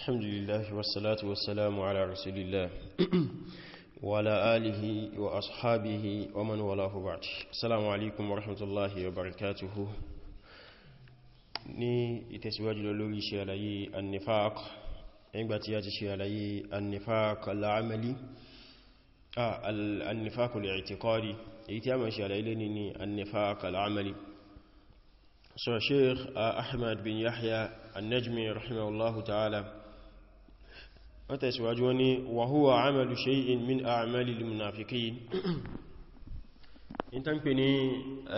الحمد لله والصلاة والسلام على رسول الله وعلى آله وأصحابه ومن ولاه بعد السلام عليكم ورحمة الله وبركاته ني تسواج للوري شيالي النفاق عبتي شيالي النفاق العملي آه النفاق الاعتقادي يتعمل شيالي لنني النفاق العملي سوى شيخ أحمد بن يحيى النجمي رحمه الله تعالى wọ́n tẹ̀síwájú wọ́n ni wàhúwà àmàlù shay'in min a'mali al-munafiqin in ta ń pè ní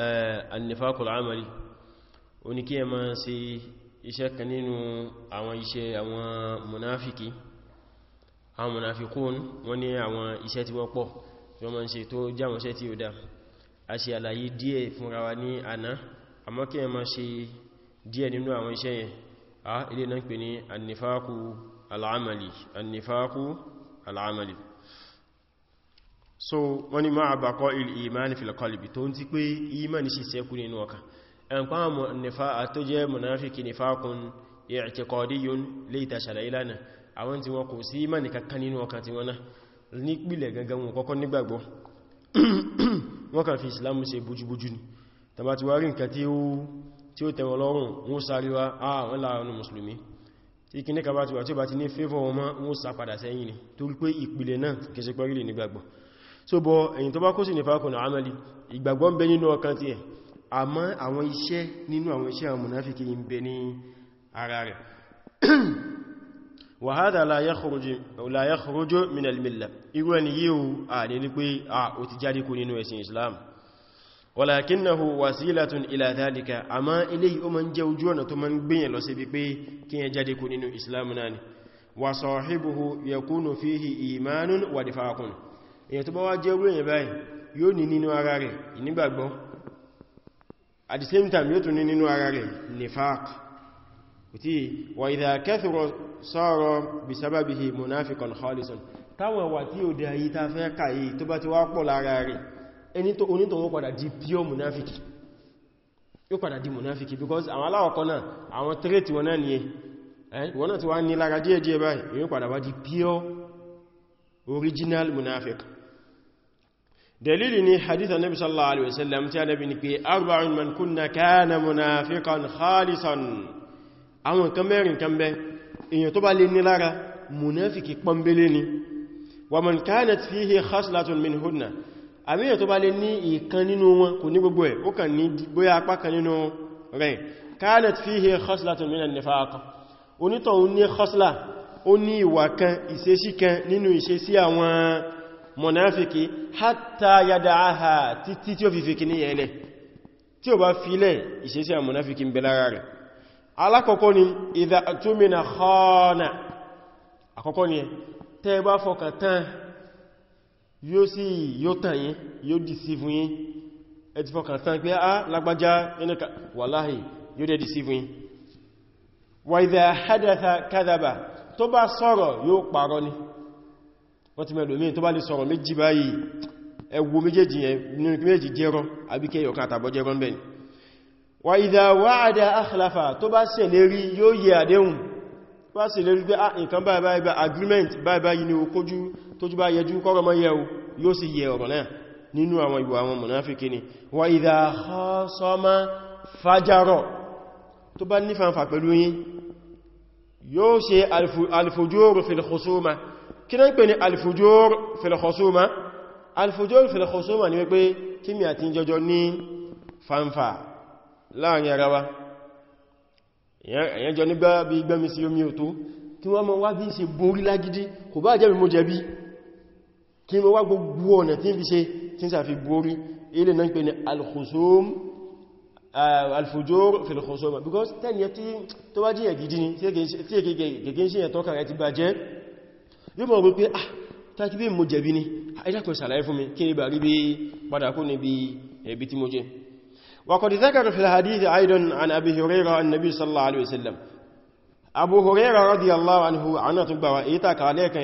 eh, annifakul amali o ní kí ẹ ma ṣe iṣẹ́ kan nínú àwọn iṣẹ́ àwọn munafiki àwọn munafikun wọ́n ní àwọn iṣẹ́ tí wọ́n pọ̀ tí wọ́n ma ṣe tó jáwọn al'amali annifaku al'amali so wani ma'a bakọ il-imani fil-qalbi tó ń ti pé imani sì sẹ́kù nínú ọkà ẹn pa mọ̀ nífà tó jẹ́ munafiki nífàkún i'tiqadiyyun lè tàṣàlá ìlànà àwọn tí wọn kò sí imani kankan nínú ọkà tí wọn náà nípìlẹ̀ gangan wọn kọ́kọ́ nígbàgbọ́ wọn kàn fi islamu ṣe bójúbójú ni tàbátí wá rí nǹkan tí ó wọn sáré àwọn ah, láàrin mùsùlùmí tí kí ní kàbá tí wà tí ó bá ti ní fẹ́fọ́ ọmọ wọn sá sẹ́yìn ni tó rí pé ìpìlẹ̀ náà kìí pẹ̀lú nígbàgbọ́ so bọ ẹ̀yìn tó bá kó sí ní fàákùnà amali ìgbàgbọ́ ń bẹ nínú ọkàn ti ẹ̀ àmọ́ àwọn iṣẹ́ nínú àwọn iṣẹ́ àwọn la yakhruju la yakhruju min al-milla irú ẹni yíò à ní pé à Islam ولكنه وسيلة إلى ذلك أما إليه أمن جوجونا تمن بين لسببي كي يجدك نينو إسلامنا وصاحبه يكون فيه إيمان ودفاق يتبوا جوجونا باي يوني نينو أغاري إنباقبو at the same time yotu ni nínú ara rẹ̀ nifaq uti wa idha kathura sara bi sababihi munafiqan khalisan tawa wa tí ó dé ayi tá fẹ́ kai tó bá ti wá pọ̀ lára rẹ̀ ẹni tó onítọ̀wọ́ padà di pure munafiki yóò padà di munafiki because àwọn aláwọ̀kọ́ náà àwọn tírètì wọn náà ni ẹ wọ́n náà ti wá ní lára díẹ̀ díẹ̀ báyìí yóò padà wá di pure original munafik dalili ni hadith annabi sallallahu alaihi wasallam tí annabi ní pé arba'un man kunna kana munafiqan khalisan àwọn kan mẹ́rin kan bẹ àbíyàn tó bá lè ní ìkan nínú wọn kò ní gbogbo ẹ̀ ó kàn ní bóyá apá kan nínú rẹ̀ kanat fihi khaslatun minan nifaq onítọ̀ ó ní khasla ó ní ìwà kan ìṣesí kan nínú ìṣesí àwọn mọ̀náfíkì hatta yada'aha títí tí ó fi fi kìní yẹlẹ̀ tí ó bá filẹ̀ ìṣesí àwọn mọ̀náfíkì ń bẹ lára rẹ̀ alákọ̀ọ́kọ́ ni idha ni tẹ́ bá yóò sí yóò tàn yín yóò dìsífù yín ẹti fọkàn tán pé a ah, lágbàjá ẹnìkà wàláhì yóò dẹ̀ dìsífù yín wà idha hadatha kadhaba tó bá sọ̀rọ̀ yóò parọ́ ni wọ́n ti mẹ́lò míì tó bá lè sọ̀rọ̀ méjì báyìí ẹwọ méjèèjì wá sí lè rí pé ah, nǹkan báyìí báyìí agreement báyìí báyìí ni ó kójú tójú bá yẹjú kọ́rọ̀ mọ́ yẹ̀wò yóò sì yẹ ọ̀rọ̀ náà nínú àwọn ìwà àwọn mùnáfíkì ni wa idha khasama fajara tó bá ní fanfà pẹ̀lú yín yóò ṣe alfujur fil khusuma kí náà pè ní alfujur fil khusuma alfujur fil khusuma èyàn jọ nígbà bí gbẹ́mi sí omi òtó kí wọ́n mọ́ wá bí ṣe borí lágídí kò bá jẹ́bi mo jẹ̀bi kí wọ́n wá gbogbo ọ̀nà tí ń fi ṣe tí ń sàfi borí ilé náà ń pè ní al-khusum al-fujur fil khusuma because tẹ́ni ẹ tí tó wá jíyàn gidi ni tí èkèkè ṣe ẹ̀tọ́ kàrẹ ti bàjẹ́ yóò mọ̀ wípé ah tàbí mo jẹ̀bi ni ẹjá kan sàlàyé fún mi kí ni bà rí bí padà kó níbi ẹ̀bí tí mo jẹ́ وقد ذكر في الحديث أيضا عن أبي هريرة النبي صلى الله عليه وسلم أبو هريرة رضي الله عنه عنه تبوائيتك عليك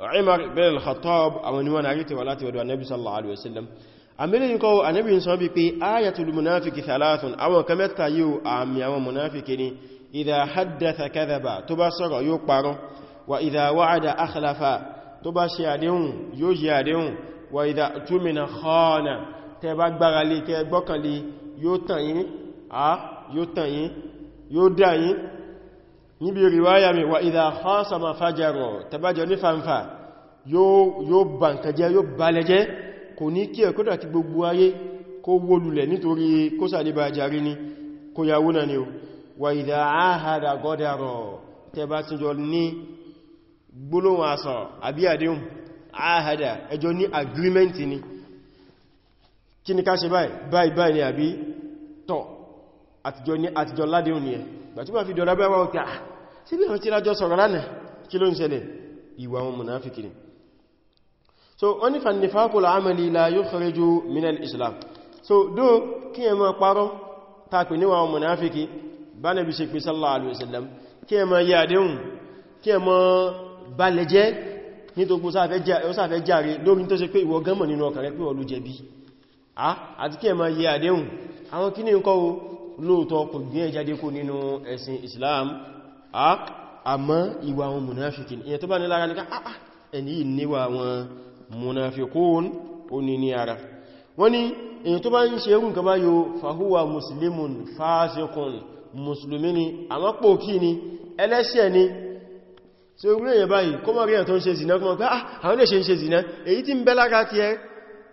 عمر بن الخطاب أو نوان عريت ولاتي ودوى النبي صلى الله عليه وسلم àmìlẹ̀ yíkọ́ ànábì ń sọ bí pé ayatul munafiki thalathun àwọn kan mẹ́ta yóò àmì àwọn munafiki ni idha haddatha kadhaba tó bá sọ̀rọ̀ yóò parọ́ wa idha wa'ada akhlafa tó bá ṣe àdéhùn yóò ṣe àdéhùn wa idha tumina khana tẹ bá gbára lé tẹ gbọ́kànlé yóò tàn yín a yóò tàn yín yóò dá yín níbi ríwáyà mi wà ìdá khasama fàjẹ̀rọ̀ tẹ bá jọ ní fanfà yóò bà nǹkan jẹ́ yóò balẹ̀ jẹ́ kò ní kí ẹ̀kọ́ dàti gbogbo ayé kó wólulẹ̀ nítorí kó sàlébà ni kó yàwó náà ni wà ìdá áhàdà gọ́dàrọ̀ tẹ bá ti jọ ní gbólóhùn asọ̀ àbí àdéhùn áhàdà ẹjọ́ ní agreement ni kí ni ká ṣe báyìí báyìí ni àbí tọ́ àtijọ́ ní àtijọ́ ládé òní ẹ̀ gbàtúgbà fi dọ̀lá bẹ́wà òkè à sí ah, bí àwọn tí lájọ́ sọ̀rọ̀ lánàá kí ló ń ṣẹlẹ̀ ìwà wọn munafiki ni so wọ́n ní fannifakul amali la yukhriju minal islam so dó kí ẹ máa parọ́ tàpì níwà wọn munafiki bá nàbí ṣe pé sallallahu alaihi wasallam kí ẹ máa yà àdéhùn kí ẹ máa balẹ̀ jẹ́ nítorí ó Ah, àti kí ẹ ma yẹ àdéhùn àwọn kí ní ń kọ́ o lóòtọ́ kò gbé ẹjáde kó nínú ẹ̀sìn Islam ah, àmọ́ ìwà àwọn munafikin ìyẹn tó bá ní lára ní ká ah, ẹni yìí níwà àwọn munafikun ó ní ní ara wọ́n ni muslimun fasikun musulmi ni àmọ́ pò kí ni ẹlẹ́ṣẹ̀ ni tí ó rí èyàn báyìí kọ́mọ̀ rí ẹ̀ tó ń ṣe zina kọ́mọ̀ pé àwọn lè ṣe ń ṣe zina èyí tí ń bẹ́ lára ti ẹ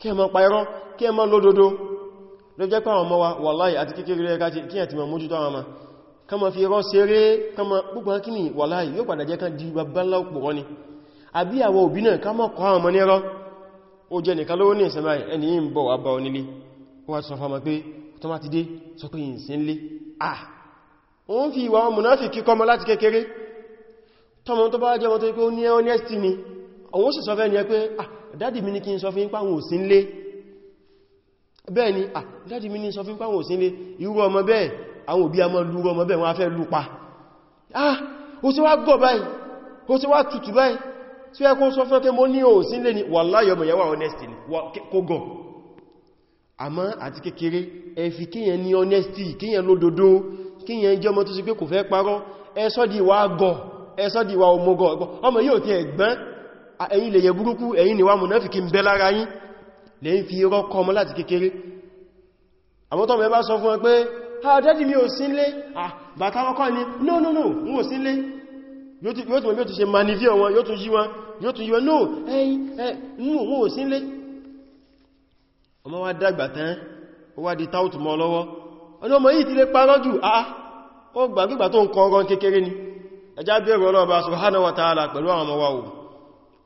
kí ẹ má pa irọ́ kí ẹ má lódodo ló jẹ́ pàwọn ọmọ wa wàláì àti kékeré ẹka kí ẹ ti mọ̀ mójútó àwọn ọmọ kama fi irọ́ seré kama púpọ̀ kíni wàláì yóò padà jẹ́ kan di babalá òpòrọ́ ni àbí àwọn òbí náà ká mọ́ kọ́ àwọn ọmọ ní irọ́ ó jẹ́ nìkan lówó ah òun fi ìwà wọn múnáfì kíkọ́ mọ́ láti kékeré tọmọ tó bá jẹ́ wọn tó pé ah dádì mi ní kí n sọ fún yín páwọn òsín lé bẹ́ẹ̀ ni ah dádì mi ní sọ fún yín páwọn òsín lé irú ọmọ bẹ́ẹ̀ àwọn òbí àmọ́ lúrú ọmọ bẹ́ẹ̀ wọ́n á fẹ́ lù ah ó sì wá gọ̀ báyìí ó sì wá tutù báyìí tí ẹ kó sọ fún pé mo ní ni wàláyọ̀ mọ̀ yẹwà honesty ni kó gọ̀ àmọ́ àti kékeré ẹ fi kíyàn ní honesty kíyàn lódodo kíyàn jẹ́ ọmọ tó sì pé kò fẹ́ parọ́ ẹ sọ́ di ìwà gọ̀ ẹ sọ́ di ìwà ọmọ gọ̀ ọmọ yóò ti ẹ̀yin lè yẹ burúkú ẹ̀yin ni wá mùnáfikí ń bẹ lára yín lè ń fi irọ́ kọ ọmọ láti kékeré àwọn tọ́mọ̀ sọ fún ẹ pé ha ah, dẹ́dì mi ò sínlé ah, bàtà ọkọ̀ ni no no no n ò sínlé yóò tún mọ̀ bí ó tún ṣe manifi wọn yóò tún yí wọn yóò no ẹ̀yin n ò sínlé ọmọ wá dàgbà tán ó wá di táùtù mọ́ lọ́wọ́ ọ̀nà ọmọ yìí ti lè parọ́ jù àá ah, ó gbàgbígbà tó ń kọ́ ọgọ́ kékeré ni ẹjá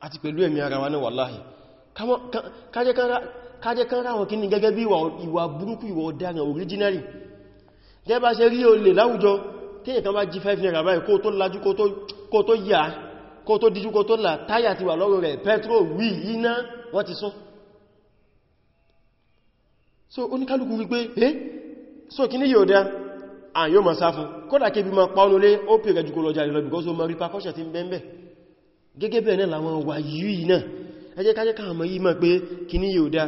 àti pẹ̀lú ẹ̀mí ara wa náà wàláhì kájẹ́ kan ráwọn kí ní gẹ́gẹ́ bí ìwà burúkú ìwà ọ̀daràn originary gẹ́bà ṣe rí olè láwùjọ tíyẹ̀ kan bá jí 5 naira báyìí kó tó lájú kó tó yà kó tó díjú kó tó là táyà ti wà lọ́rọ̀ rẹ̀ petro wí iná wọ́n ti sọ so oníkálùkù wípé eh so kí ní yóò dá àyíò mọ̀ sáfún kódà kébí ma pa ọ́nulé ó pèrè jù kó lọ jàrí lọ bìkọ́ so gẹ́gẹ́ bẹ́ẹ̀ náà làwọn wà yìí náà ẹjẹ́ kájẹ́ káàmà yìí mọ̀ pé kì ní yóò dá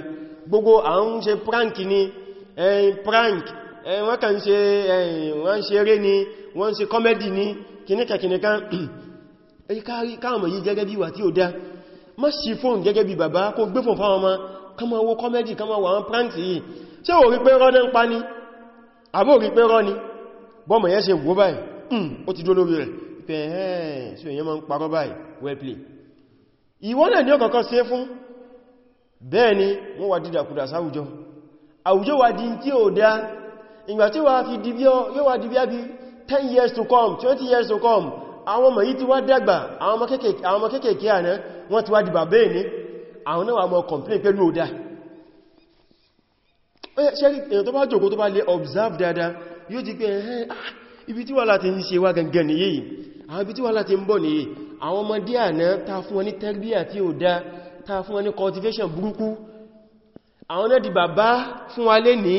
gbogbo àwọn ṣe prank ní ẹ̀yìn prank wọ́n kàn ṣe wọ́n ṣe eré ní wọ́n ṣe comedy ní kìníkàkìníkan ẹjẹ́ káàmà yìí gẹ́gẹ́ bí wà tí ó dá má sí fóòn gẹ́gẹ́ bí bàbá kó gbé fún fáwọn ọmọ kọmọ owó comedy pé ẹ̀hẹ́n sí èyàn ma ń parọ́ báyìí well play ìwọ́n náà ní ọkọ̀ọ̀kọ́ sí fún bẹ́ẹ̀ ni wọ́n wà dídàkudà sáwùjọ àwùjọ wà di tí ó dá ìgbà tí wà fi dìbí yóò wà dìbí àbí 10 years to come 20 years to come àwọn ọmọ yìí ti wá dàgbà àwọn ọmọ kéèkéé àná wọ́n ti wá dìbà bẹ́ẹ̀ ni àwọn náà wà mọ́ complain pẹ̀lú ó dá ṣẹ́rí èyàn tó bá jòkó tó bá lè observe dáadáa yóò jí pé ẹ̀hẹ́ ah, ibi tí wà láti ń ṣe wá gangan nìyí àwọn ibi tí wà láti ń bọ̀ nìyí àwọn ọmọdé àná ta fún wọn ní tẹ́gbíyà tí ó ta fún wọn ní cultivation burúkú àwọn náà di bàbá fún wa lé ní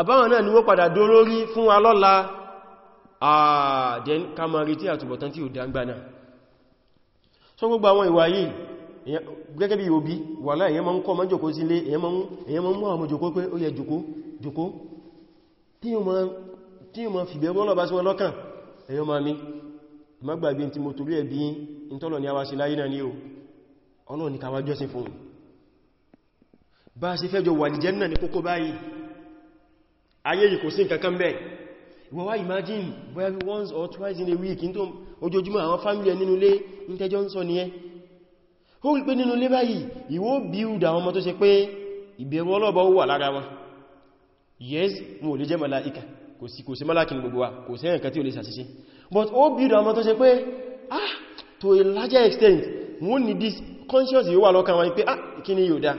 àbáwọn náà ni wó padà dólórí fún wa lọ́la àdẹ́n kamari tí àtúbọ̀tán tí ó dá gbaná so gbogbo àwọn ìwà yìí gẹ́gẹ́ bí òbí wà láì èyàn máa ń kọ́ máa jòkó sílé èyàn máa ń mú àwọn jòkó pé ẹ̀yọ́ ma mi magbàgbé tí mo torí ẹ̀bí in tọ́lọ̀ ni a wá sí láyé náà ní o ọlọ́ ni káwà jọ́sìn fún bá a sì fẹ́jọ wà ní jẹ́nà ní kókó báyìí ayé yìí kò sí nǹkankan bẹ́ẹ̀ ìwọ wá imagine very once or twice in a week in tó family nínú ilé ní tẹ́jọ́ ń sọ ní ẹ ó rí pé nínú ilé báyìí ìwọ build àwọn ọmọ tó ṣe pé ìbẹ̀rù ọlọ́bọ̀ yes mo lè jẹ́ màláìkà kò sí kò sí mọ́lákin gbogbo wa kò sẹ́yàn kan tí ó lè ṣàṣìṣe but ó bìrì àwọn tó ṣe pé ah to a larger extent wọ́n ní this conscious yíó wà lọ́kàn wọn pé ah kí ni yóò dá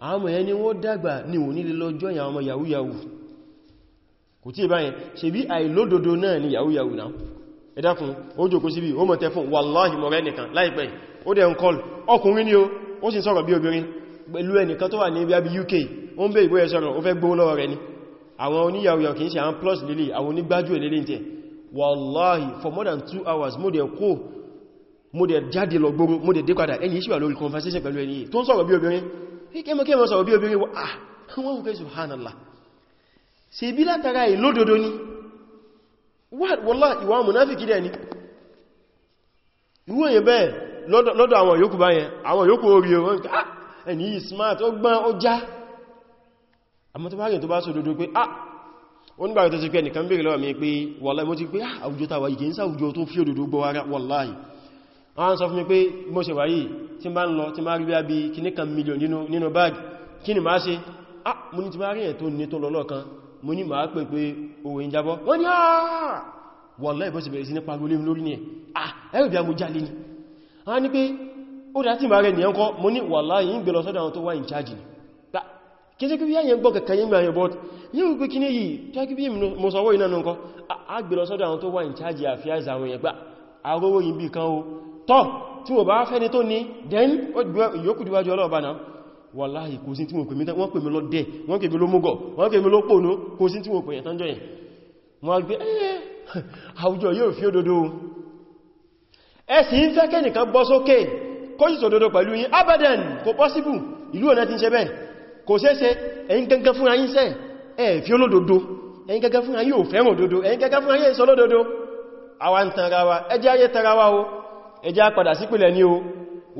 àwọn ọmọ ẹni wọ́n dàgbà ní òní lè lọ́jọ́ ìyàwó ọmọ yahoo yahoo kò tí ìbáyẹn ṣe bí àìlódodo náà ni yahoo yahoo náà ẹ dákun ó jòkó síbi ó mọ̀ tẹ́fún wàláhì mọ̀rẹ́ nìkan láìpẹ́ ó dẹ̀ ń kọlù ọkùnrin ni ó ó sì sọ̀rọ̀ bí obìnrin pẹ̀lú ẹnìkan tó wà ní ibi UK ó ń bẹ́ ìbóyẹ̀ sọ̀rọ̀ ó fẹ́ gbówó lọ́wọ́ rẹ̀ ni àwọn oníyàwòyà kìí ṣe àwọn plus lélẹ̀ àwọn onígbájú lélẹ̀ tẹ́ wallahi for more than two hours mo dẹ̀ kó mo dẹ̀ jáde lọ gbóró mo dẹ̀ dé padà ìṣíwà lórí conversation pẹ̀lú ẹni tó ń sọ̀rọ̀ bí obìnrin kẹ́mọ̀kẹ́mọ̀ sọ̀rọ̀ bí obìnrin wọ́n ah wọ́n wùkẹ́ subhanallah ni ni àmọ́ tó bá rìn tó pé ah ó nígbà tó ti pé ẹnìkan bèèrè lọ́wọ́ mi pé wàláì mo ti pé ah àwùjọ tàwà ìkẹ́ ìsá àwùjọ tó fi òdòdó gbọ́ ara wàláì wọ́n sọ fún mi pé mo ṣe wáyé tí bá ń lọ tí bá rí bí kíní kan mílíọ̀n nínú báàgì ni máa ṣe ah mo ah wàláì bó ṣe ni ẹ̀ ah ẹ̀rù bí a mo jalè ni wọ́n ní pé ó dá tí máa rẹ̀ nìyẹn kọ́ mo ní wàláì ń gbé lọ sọ́dọ̀ àwọn tó kíse kí bí yáyẹn gbọ́ kẹ̀kẹ́ yíngbà yẹn bọ́t yíò pé kí ní yìí kí bí mọ́sọ̀wọ́ iná nǹkan agbèlọ́sọ́dọ̀ àwọn tó wà ní chájì àfíàzà àwọn èèyàn gbà arówó yìí bí kan o tọ́ tí wọ́n bá fẹ́ni tó ní den yóò kùdíwájú ọlọ́ọ̀bá náà wàláhì kò sí tí wọ́n pè mí wọ́n pè mí lọ dẹ̀ wọ́n pè mí ló múgọ̀ wọ́n pè ìlú ọ̀nà ti ń ṣe kò ṣeéṣe ẹ̀yin kankan fún ayín sẹ́ ẹ̀ fi olódodo ẹ̀yin kankan fún ayín ò fẹ́ràn òdodo ẹ̀yin gangan fún ayín sọ lódodo ń tara wa ẹjẹ́ ayé tara wa o ẹjẹ́ apadà sípìlẹ̀ ní o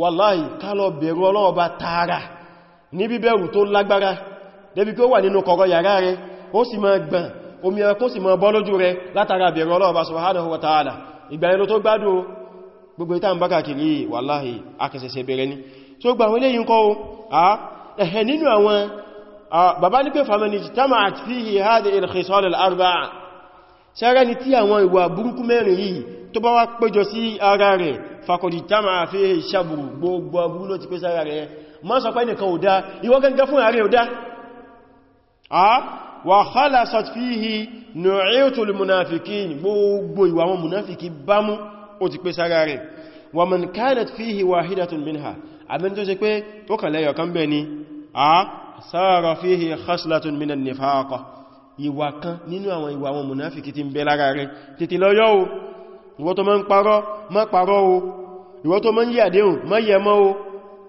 wàláhì kálọ bẹ̀rù ọlọ́ọba tààrà ní bíbẹ̀rù tó lágbára yàrá omi ẹran kó sì máa bọ́ lójú rẹ látara ẹ̀hẹ̀ nínú àwọn bàbá ní pé family tàmà àti fíhì hádẹ al-khisal al-arba'a sára ni tí àwọn ìwà burúkú mẹ́rin yìí tó bá wá péjọ sí ara rẹ̀ fàkọ̀dì tàmà fíhì sàbùrù gbogbo aburú ló ti pé sára rẹ̀ ma sọ pé nìkan ò dá ìwọ gangan wa man kanat fihi wahidatun minha àbẹ́ni tó ṣe pé ó kàn lẹ́yọ̀ kan bẹ́ ni a sára fíhì khaslatun minan nifaqa ìwà kan nínú àwọn ìwà àwọn munafiki tí ń bẹ lára rẹ̀ tètè lọ́yọ́ o ìwọ tó máa ń parọ́ má parọ́ o ìwọ tó máa ń yí àdéhùn má yẹ mọ́ o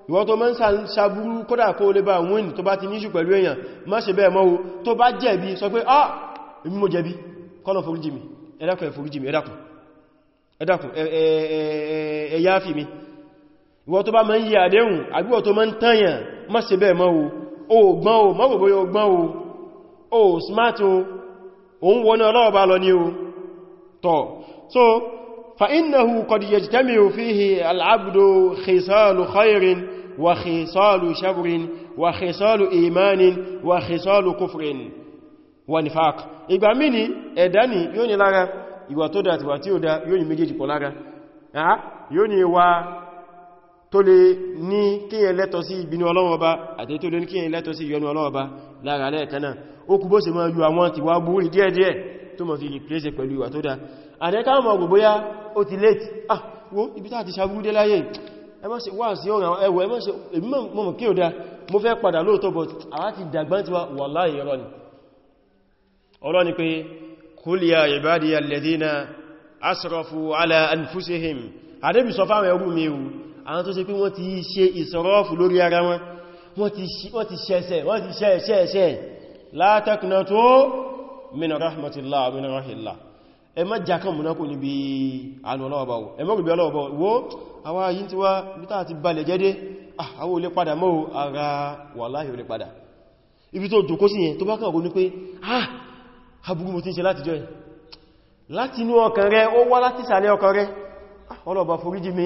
ìwọ tó máa ń sàbúrú kódà kó lè bá wíìn tó bá ti níṣù pẹ̀lú èèyàn má ṣe bẹ́ẹ̀ mọ́ o tó bá jẹ̀bi sọ pé ah èmi mo jẹ̀bi kọ́lọ̀ foríjì mi ẹ̀dàkùn ẹ̀foríjì mi ẹ̀dàkùn ẹ̀dàkùn ẹ̀yáfì mi ìwọ tó bá ma ń yí àdéhùn àbíwọ̀ tó ma ń tàyàn má ṣe bẹ́ẹ̀ mọ́ o ò gbọ́n o mọ́ gbogbo yóò gbọ́n o smart o òun wọ́n náà bá lọ ní o tọ́ so fa innahu qad yajtami'u fihi al'abdu khisalu khairin wa khisalu shabrin wa khisalu imanin wa khisalu kufrin wa nifaq ìgbà mí ni ẹ̀dá ni yóò ní lára ìwà tó tó lè ní kíyàn lẹ́tọ̀ sí ìbínú Ọlọ́run Ọba àti tó lè ní kíyàn lẹ́tọ̀ sí ìyọnú Ọlọ́run Ọba lára lẹ́ẹ̀kanáà ó kú bó sì máa yú àwọn tí wá búrí díẹ̀díẹ̀ tó mọ̀ fi replace pẹ̀lú ìwà tó dá àdẹ́ká mọ̀ gbogbo yá ó ti late ah wo ibi tá ti sàbúrúdé láyé wà sí ọ̀rọ̀ ẹwọ̀ ẹmọ́ ṣe èmi mọ̀ kí o àwọn tó ṣe pé wọ́n ti ṣe ìsọ̀rọ̀fù lórí ara wọn wọ́n ti ṣẹ̀ṣẹ̀ wọ́n ti ṣẹ̀ṣẹ̀ la taqnatu min rahmatillah min rahillah ẹ má jákàn múnákò níbi alọ́lọ́ọ̀báwò ẹ mọ́rùn bí ọlọ́ọ̀báwò wo àwọn ayí tí wá bí táà ti balẹ̀ jẹ́dé ah, àwọn olè padà mọ́ ara wallahi olè padà ibi tó jòkó ah abúrú mo ti ń ṣe láti jọ láti inú ọkàn rẹ ó wá láti sàlẹ̀ ọkàn rẹ ah, ọlọ́ọ̀bá foríjì mi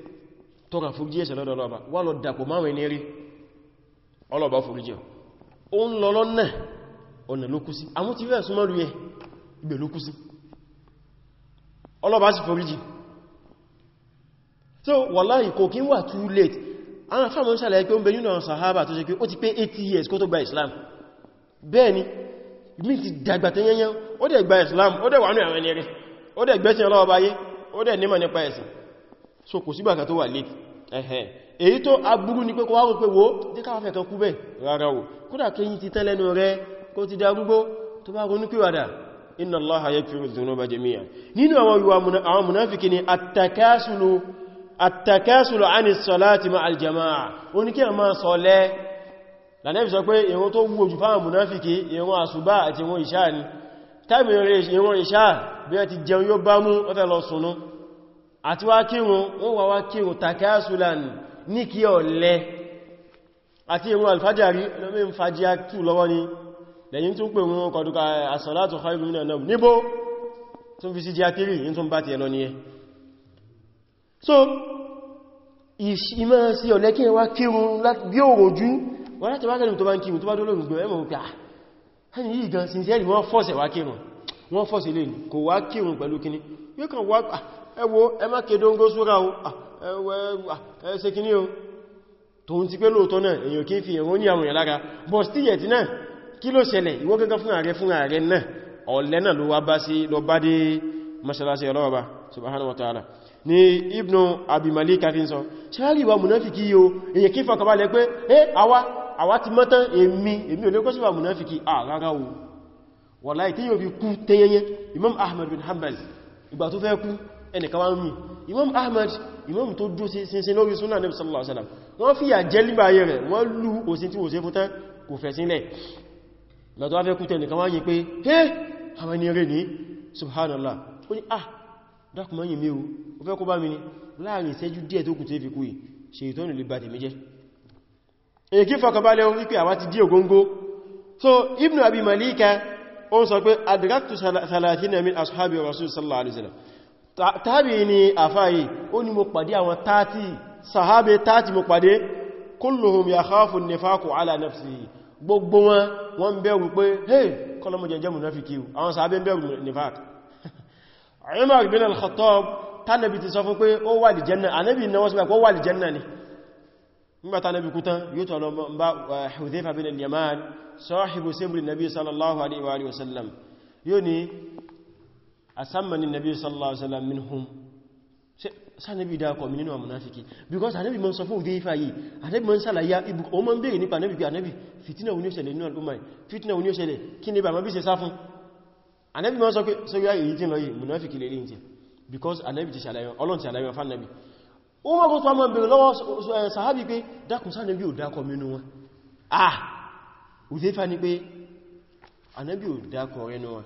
tọ́ra fúrújí ẹ̀ṣẹ̀ lọ́dọ̀ ọlọ́ba wà lọ dàpọ̀ máwọn ní rí ọlọ́ba fúrújí o ń lọ lọ́nà ọ̀nà lókúsí àwọn ti rẹ̀ súnmọ́ lúyẹ ibẹ̀ lókúsí ọlọ́ba sì fúrújí so wàláhì kí wà too late àwọn afẹ́mọ́ sàlẹ̀ pé ó ń sahaba tó ṣe pé ti pé 80 years kó tó Islam bẹ́ẹ̀ni mi ti dàgbà tó yẹnyẹn ó gba Islam ó dẹ̀ wà ní àwọn ẹni rẹ̀ ó dẹ̀ gbẹ́sìn ọlọ́ọ̀báyé ó dẹ̀ so kò sígbà kan tó wà late ẹ̀hẹ́ èyí tó agbúrú ni pé kó wá rò pé wo dé káwà fẹ́ kan kú bẹ̀ rárá o kódà kéyìn ti tán lẹ́nu rẹ kó ti darúgbó tó bá ronú pèwàdà inna allaha yaghfiru dhunuba jami'an nínú àwọn ìwà àwọn munafiki ni attakasulu attakasulu anis salati ma aljama'a ó ní kí a máa sọlẹ̀ lànẹ́bì sọ pé ìrun tó wúwo jù fáwọn munafiki ìrun àsùbá àti ìrun ìṣá ni táìmì ìrun ìṣá bí wọ́n ti jẹun yóò bá mú ó fẹ́ lọ sùnú àti wá kírun wọ́n wá wá kírun takásùlánì ní kí ọ̀lẹ́ àti ìrun alfajari lómi ń fàjí àtù lọ́wọ́ ni lẹ́yìn tún pè wọn kọ̀dùkà as-salatu khayrun minan nawm níbo tún fi sí jí àtírí yìí tún bá ti ẹlọ nìyẹn so ìmọ́ sí ọ̀lẹ́ kí wá kírun bí òròjú wọ́n láti wá kẹ́lù tó bá ń kírun tó bá ah, kò wá kírun pẹ̀lú kíní yóò wá ah, ẹwọ ẹmá kedongo sóra o ẹsẹ kìíní o tó ń ti pé lóòtọ́ fi ẹ̀rọ ní àwọn èèyàn lára bọ̀ stíyẹ̀tì náà kí ló ṣẹlẹ̀ ìwọ gẹ́gẹ́ fún ààrẹ fún ààrẹ náà ọ̀lẹ́ masalasi subhanahu wa ta'ala ni ibnu abi malik sọ ṣáàrí wa munafiki yíò kí pé ti mọ́tán èmi èmi sí wa munafiki rárá o tí fi kú tẹ́yẹyẹ imam ahmad bin hanbal ìgbà tó fẹ́ kú ẹnìkan wá ń rìn imam ahmad imam tó dúró sinsin lórí súnà nabi sallallahu alaihi wasallam wọ́n fìyà jẹ líbà ayé rẹ̀ wọ́n lú òsìn tí ó ṣe fún tán kò fẹ̀ sílẹ̀ lọ́tọ́ wá fẹ́ wá yìí pé hé àwọn ní subhanallah ó ní ah dákùnmọ́ yìí mẹ́rù ó fẹ́ kó bá mi ní láàrin ìṣẹ́jú díẹ̀ tó kù tó fi kú yìí ṣe ìtọ́nù lè bá tèmi jẹ́ èkí so ibn abi malika ó ń sọ pé adraktu 30 min ashabi rasul sallallahu alaihi wasallam tàbí ní àfáyé ó ní mo pàdé àwọn tààtì sàhábé tààtì mo pàdé kulluhum yakhafu an-nifaqu ala nafsihi gbogbo wọn wọ́n bẹ̀rù pé hey kọlọmọ jẹjẹ munafiki àwọn sàhábé bẹ̀rù nifaq Umar bin al-Khattab tánàbí ti sọ fún pé ó wà lí jẹ́nà anábì náwọ́ sí pé ó wà lí jẹ́nà ni yóò tọ̀lọ asammani nabi sallallahu alaihi wasallam minhum sa nabi da ko mininu munafiki because anabi man sọ fún de ifa yi anabi man sala ya ibu o man be ni pa nabi bi anabi fitina oni ó ṣẹlẹ̀ nínú al'umma fitina oni ó ṣẹlẹ̀ kíni ba ma bi ṣe sá fún anabi man sọ pé so ya yi tin lo yi munafiki le rin because anabi ti sala yo olon ti sala yo fa nabi o ma ko to ma be lọ́wọ́ sahabi pé dákun sa nabi o da ko mininu ah o de fa ni pé anabi o da ko renu wa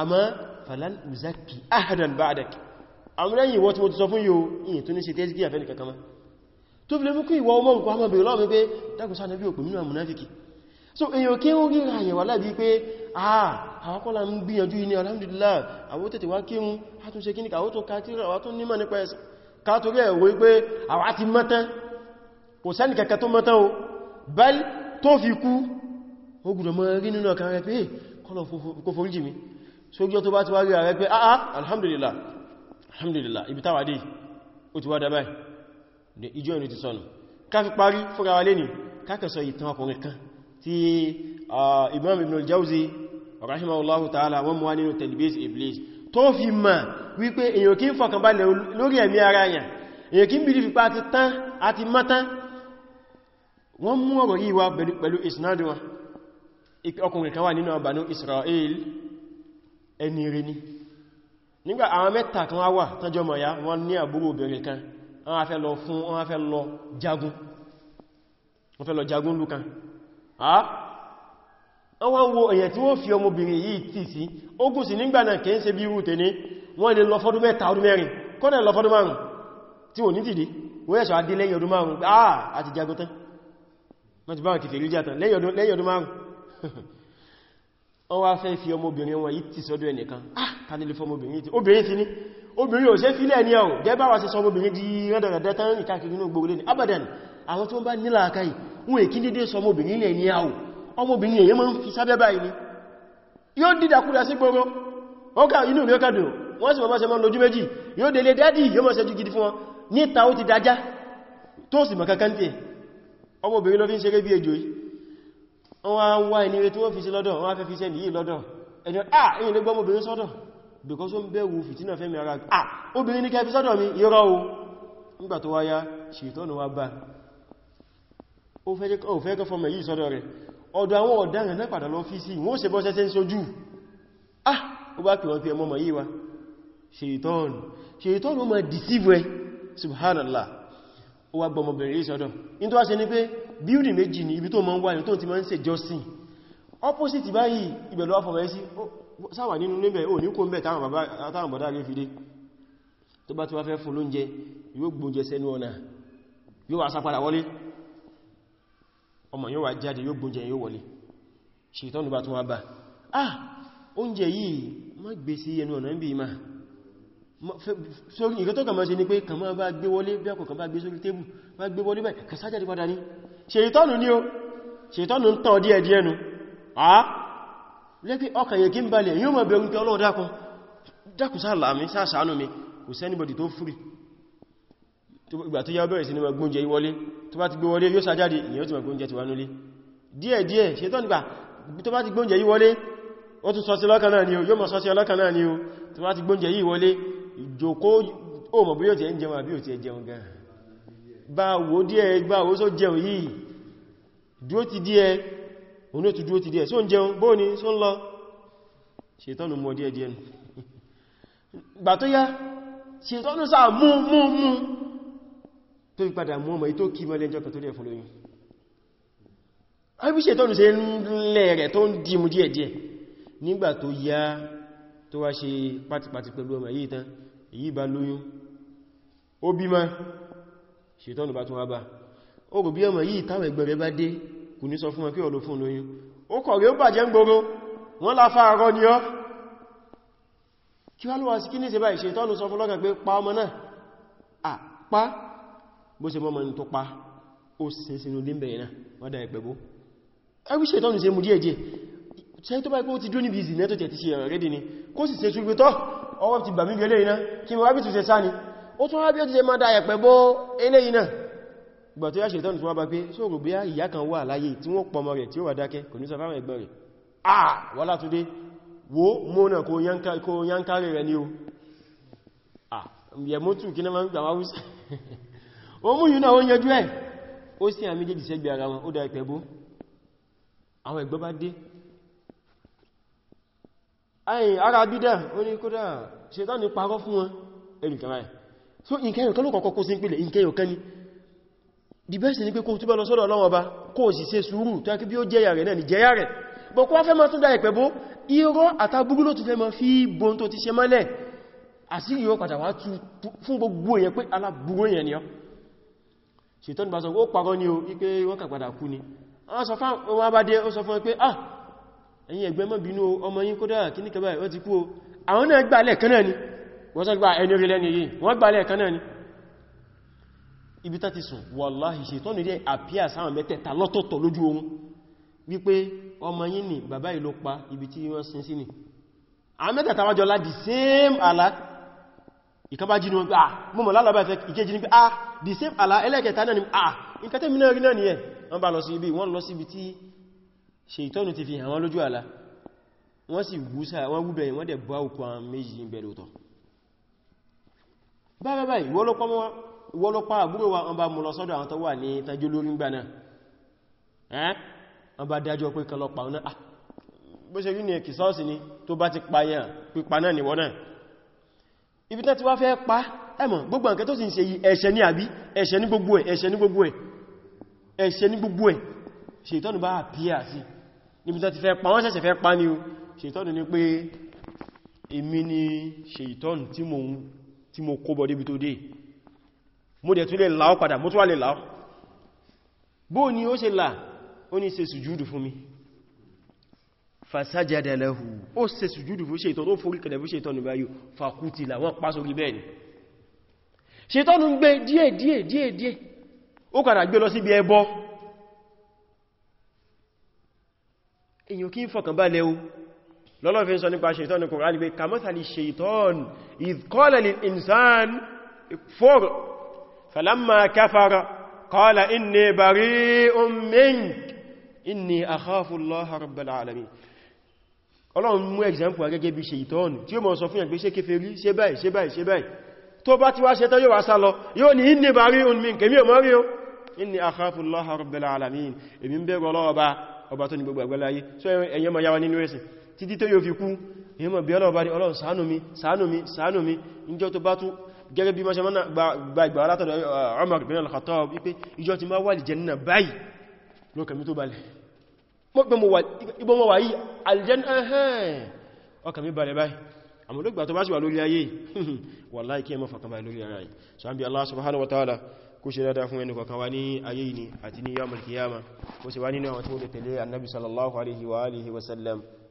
àmọ́ falan uzaki ahadan ba'dak àwọn ẹ̀yìn wọ́n tí mo ti sọ fún yóò yìí tó ní ṣe tẹ́sí gíyàfẹ́ nìkan kama tó fi lè mú kí ìwọ ọmọ nǹkan ọmọ bèèrè lọ́wọ́ pé dákùsá náà bí òpin nínú àmúnáfikì so èyàn kí ó rí àyẹ̀wà lábí pé àà ah, àwọn kọ́lá ń gbìyànjú ní alhamdulillah àwọn tètè wá kírun àtúnṣe kí ní kàwọ́ tó kàtírà àwọn tó nímọ̀ nípa ẹ̀sìn káàtòrí ẹ̀wọ́ pé àwọn ti mọ́tán kò sẹ́ni kẹ̀kẹ́ tó mọ́tán o bẹ́ẹ̀ tó fi kú ó gbùdọ̀ mọ́ rí nínú ọkàn rẹ̀ pé eh, kọ́lọ̀ kò forí jì sójọ́ tó bá ti wá rí ààrẹ pé ah, ah alhamdulillah alhamdulillah ibi táwà dé ó ti wá dábá ìjọ ìrìn ti sọ́nà ká fi parí fúnra wa lẹ́ni kákẹsọ ìtàn ọkùnrin kan tí Imam Ibn al-Jawzi rahimahullahu ta'ala wọ́n mú wá Iblis tó fi mọ̀ wípé èyàn kí ń fọkànbalẹ̀ lórí ẹ̀mí ara yàn èyàn kí ń bìí fipá ti tán àti mátán wọ́n mú ọ̀rọ̀ yìí wá pẹ̀lú isnadu wọn ọkùnrin kan wà nínú Banu Israel ẹni rí ní nígbà àwọn mẹ́ta kan wá tọ́jọ́ mọ̀ ya wọ́n ní àbúrò obìnrin kan wọ́n fẹ́ lọ fún wọ́n fẹ́ lọ jagun wọ́n fẹ́ lọ jagun lúkan wọ́n wo èyàn tí wọ́n fi ọmọbìnrin yìí tì sí ogun sí nígbà náà kìí ṣe bí irú tẹ́ni wọ́n lè lọ fọ́dún mẹ́ta ọdún mẹ́rin wọ́n wá fẹ́ fi ọmọbìnrin wọn yìí ti sọ́dọ̀ ẹnìkan ah kanílé fọmọbìnrin ti obìnrin ti ní obìnrin ò ṣe fílẹ̀ ní ọ̀hún gẹ́bà wá sí sọmọbìnrin di rẹ́dọ̀rẹ̀dẹ́ tán ní káàkiri inú gbogbo ní abadan àwọn tó ń bá nílà akáyì wọn èkí dédé sọmọbìnrin ní ọ̀hún ọmọbìnrin èyẹ máa ń fi sábẹ́ báyìí ni yóò dídàkúdà sí gbogbo wọn ká inú mi ó kàdùn wọ́n sì mọ́ sẹ́mọ́ lójú méjì yóò délé dádì yóò mọ́ sẹ́jú gidi fún wọn níta ó ti dájá tó sì mọ̀ kankan tí ọmọbìnrin lọ fi ń ṣeré bí ejò yìí wọ́n wá ìnire tí wọ́n fi sí lọ́dọ̀ wọ́n fẹ́ fi sẹ́ yìí lọ́dọ̀ ẹjọ́ ah èyí lè gbọ́mọ̀ obìnrin sọ́dọ̀ because ó ń bẹ̀rù fìtínà fẹ́mi ara ah obìnrin ní kẹfí sọ́dọ̀ mi irọ́ o nígbà tó wáyá ṣètọ́nù wá bá ó fẹ́ kọ́ fọmọ yìí sọ́dọ̀ rẹ̀ ọ̀dọ̀ àwọn ọ̀daràn náà padà lọ fi sí wọ́n ṣe bọ́sẹ́sẹ́ ń sojú ah ó bá pè wọ́n pé ọmọ yìí wa ṣètọ́nù ṣètọ́nù ó máa deceive ẹ subhanallah ó wá gbọmọbìnrin yìí sọ́dọ̀ ní tó wá ṣe ní pé bíúdì méjì ní ibi tó mọ́ ń wáyé tó ti mọ́ ń ṣe jọ́sìn opposite báyìí ibẹ̀ ló afọ̀mẹ́ sí sáwà nínú níbẹ̀ ò ní kó ń bẹ̀ táwọn bọ̀dá rí fìdí tó bá ti wá fẹ́ fún lóúnjẹ yóò gbóúnjẹ sẹ́nu ọ̀nà yóò wá sápadà wọlé ọmọ yóò wá jáde yóò gbóúnjẹ yóò wọlé ṣètọ́nù bá tún wá bá ah oúnjẹ yìí má gbé sí ẹnu ọ̀nà ń bí ma sórí ìgbẹ́ tó kàn máa ṣe ni pé kàn máa bá gbé wọlé bí ọkọ̀ kàn bá gbé sórí tébù bá gbé wọlé báyìí kàsájáde padà ní ṣèyítọ́nù ní o ṣèyítọ́nù ń tàn díẹ̀ díẹ̀ nù a lẹ́pẹ́ ọkàn yẹ kí ń balẹ̀ yíò mọ̀ bẹ̀rún pé Ọlọ́run dákun dákun sáàlá mi sáàsánú mi kò sẹ́nibọ̀dì tó fúrì ìgbà tó yá bẹ̀rẹ̀ sí gbóúnjẹ ti wọlé tó bá ti gbóúnjẹ ìwọlé ó o o ti gbóúnjẹ ìwọlé ìjòkó ó mọ̀ bá wò díẹ̀ gbá owó só jẹun yìí dúó ti díẹ̀ oní ètù dúó ti díẹ̀ só ń jẹun bó ní só ń lọ ṣètọ́nù mọ́ díẹ̀ díẹ̀ gbà tó yá ṣètọ́nù sáà mú mú mú tó fi padà mú ọmọ ètò kí mọ́lẹ́ ìjọ́ tó dẹ̀ fún lóyún àbí ṣètọ́nù ṣe ń lẹ̀ rẹ̀ tó ń di mú díẹ̀ díẹ̀ nígbà tó yá tó wá ṣe pátipàti pẹ̀lú ṣètọ́nù bá tún wá bá ó rò bí ọmọ yìí táwọn ẹgbẹ́ rẹ̀ bá dé kò ní sọ fún wọn kí ọlọ fún lóyún ó kọ̀ rí ó bàjẹ́ ń gbogbo wọ́n láfá àárọ́ ni ọ́ kí wá ló wá sí kí ní ṣe báyìí ṣètọ́nù sọ fún lọ́kàn pa ọmọ náà à pa bó ṣe pa ó sì sínú límbẹ̀ náà wọ́n dá ẹgbẹ̀gbó ẹgbí ṣètọ́nù ṣe mú díẹ̀ díẹ̀ ṣe tó bá ipò ti dún níbi ìzì nẹ́tò tẹ̀ ti ṣe ẹ̀rẹ́dì ni kó sì ṣe ṣúgbé ó tún rábí ó ti ṣe máa dáyẹ̀ pẹ̀bọ́ eléyìí náà gbà tó yá ṣe tọ́nù tó wá bá pé sóòrò bí ìyá kan wà láyé tí wọ́n pọmọ rẹ̀ tí ó wà dákẹ́ kò ní sọ fáwọn ẹgbẹ́ rẹ̀ àà wà látúndé wo o yẹ̀mọ́tù kí náà gbà wáwúsá ó mú yìí náà ó yẹjú ẹ̀ ó sì àmì jẹ́jì sẹ́gbẹ̀ ara wọn ó bídá ó ní kódà ṣe tán ní parọ́ fún wọn ẹ̀rù so nkẹyọ̀ kan ló kọ̀kọ́ kó sí pìlẹ̀ nkẹyọ̀ kan ni the best ni pé kó túbọ̀ lọ sọ́dọ̀ Ọlọ́run ni jẹ́yà rẹ̀ bọ̀ kó wá fẹ́ máa tún dá ìpẹ̀bó irọ́ àtàbúgbú ló tún fẹ́ máa fi bon tó ti ṣe mọ́lẹ̀ àsírí yóò padà wá fún gbogbo èèyàn pé aláburú èèyàn ni ọ́ ṣètọ́nù bá sọ ó parọ́ ni o ipé wọ́n kà kú ni wọ́n sọ fún wọn bá dé ó sọ fún pé ah ẹ̀yin ẹ̀gbẹ́ má ọmọ yín kódà kíníkẹ́ báyìí wọ́n sọ gba ah, ẹni orí lẹ́ni yìí wọ́n gbalẹ̀ kan náà ni ibi tàti sùn wàláhì ṣètọ́nù jẹ́ àpíà sáwọn mẹ́tẹ̀ta lọ́tọ̀tọ̀ lójú ohun wípé ọmọ yìí ni bàbá yìí ibi tí wọ́n sin sí ni àwọn mẹ́tẹ̀ta wájọ láti same àlá ìkan bá jínu ah mọ́mọ̀ lálàbà ìfẹ́ ah, the same àlá ẹlẹ́kẹta náà ni ah nǹkan tẹ́mi náà rí náà nìyẹn wọ́n bá lọ sí ibi wọ́n lọ sí ibi tí ṣètọ́nù ti fi wọ́n dẹ̀ bá òkú àwọn méjì ń òtọ̀ báyìí báyìí ìwọ ló pa àbúrò wa ọba mú lọ sọ́dọ̀ àwọn tó wà ní tàjú lórí ń gbà náà ẹ́ ọba dájọ́ pé kan lọ pa ọ̀nà ah, bó ṣe rí ní ẹ̀kì ni tó bá ti payàn pípa náà pa ẹmọ̀ gbogbo nǹkan tó sì ń ṣe yìí ẹ̀ṣẹ̀ ní àbí ẹ̀ṣẹ̀ ní gbogbo ẹ̀ ẹ̀ṣẹ̀ ní gbogbo ẹ̀ ẹ̀ṣẹ̀ ní gbogbo ẹ̀ ṣètọ́nù bá àpíyà sí níbi tán ti ni o ṣètọ́nù ni pé tí mo kó bọ̀ débi tó dé mo dẹ̀ tún lè láọ́ padà mo tún wà lè láọ́ bó ni ó ṣe là ó ní ṣe sùjúdù fún mi fasajada lahu ó ṣe sùjúdù fún ṣe ìtọ́nù fórí kẹ̀lẹ̀ fún ṣe ìtọ́nù báyìí fàkútìlà wọ́n pá sórí bẹ́ẹ̀ ni ṣe ìtọ́nù ń gbé díẹ̀ díẹ̀ díẹ̀ lọ́lọ́fin sọ nípa ṣeìtọ́n ní kùnrin pé kàmọ́sàlì ṣeìtọ́n ìkọ́lẹ̀lì insan fòr falamma káfàrà kọ́lá inni bari omen inni akhafullaha rabbal alamin ọlọ́run mú example agẹ́gẹ́ bí ṣeìtọ́n tí ó mọ̀ sọ fún ẹgbẹ́ ṣe kéferí ṣe báyìí ṣe báyìí ṣe báyìí tó bá ti wá ṣe tán yóò wá sá lọ yóò ní inni bari omen kèmí ọmọ rí o inni akhafullaha rabbal alamin ọba tó ní gbogbo àgbẹ́láyé so ẹ̀yẹ́ mọ̀ yáwa nínú ẹ̀sìn títí tó yóò fi kú èyí bí ọlọ́ọ̀bá ní ọlọ́run ṣàánú mi ṣàánú mi ṣàánú mi ìjọ tó bá tún gẹ́gẹ́ bí mọ́ṣẹ́ mọ́nà gba ìgbà látọ̀dọ̀ uh, Umar bin al-Khattab wípé ìjọ ti máa wà lè jẹ́nà báyìí lókàmí tó balẹ̀ ìgbọ́mọ̀ wà yí aljanna ẹ̀hẹ́n ọkàmí balẹ̀ báyìí àmọ́ lógbà tó bá sì wà Allah subhanahu wa ta'ala kó ṣe dáadáa fún ẹni kọ̀kan wá ní ayé ni àti ní yawmal kó sì wá nínú àwọn tó lè tẹ̀lé annabi sallallahu alaihi wa alihi wasallam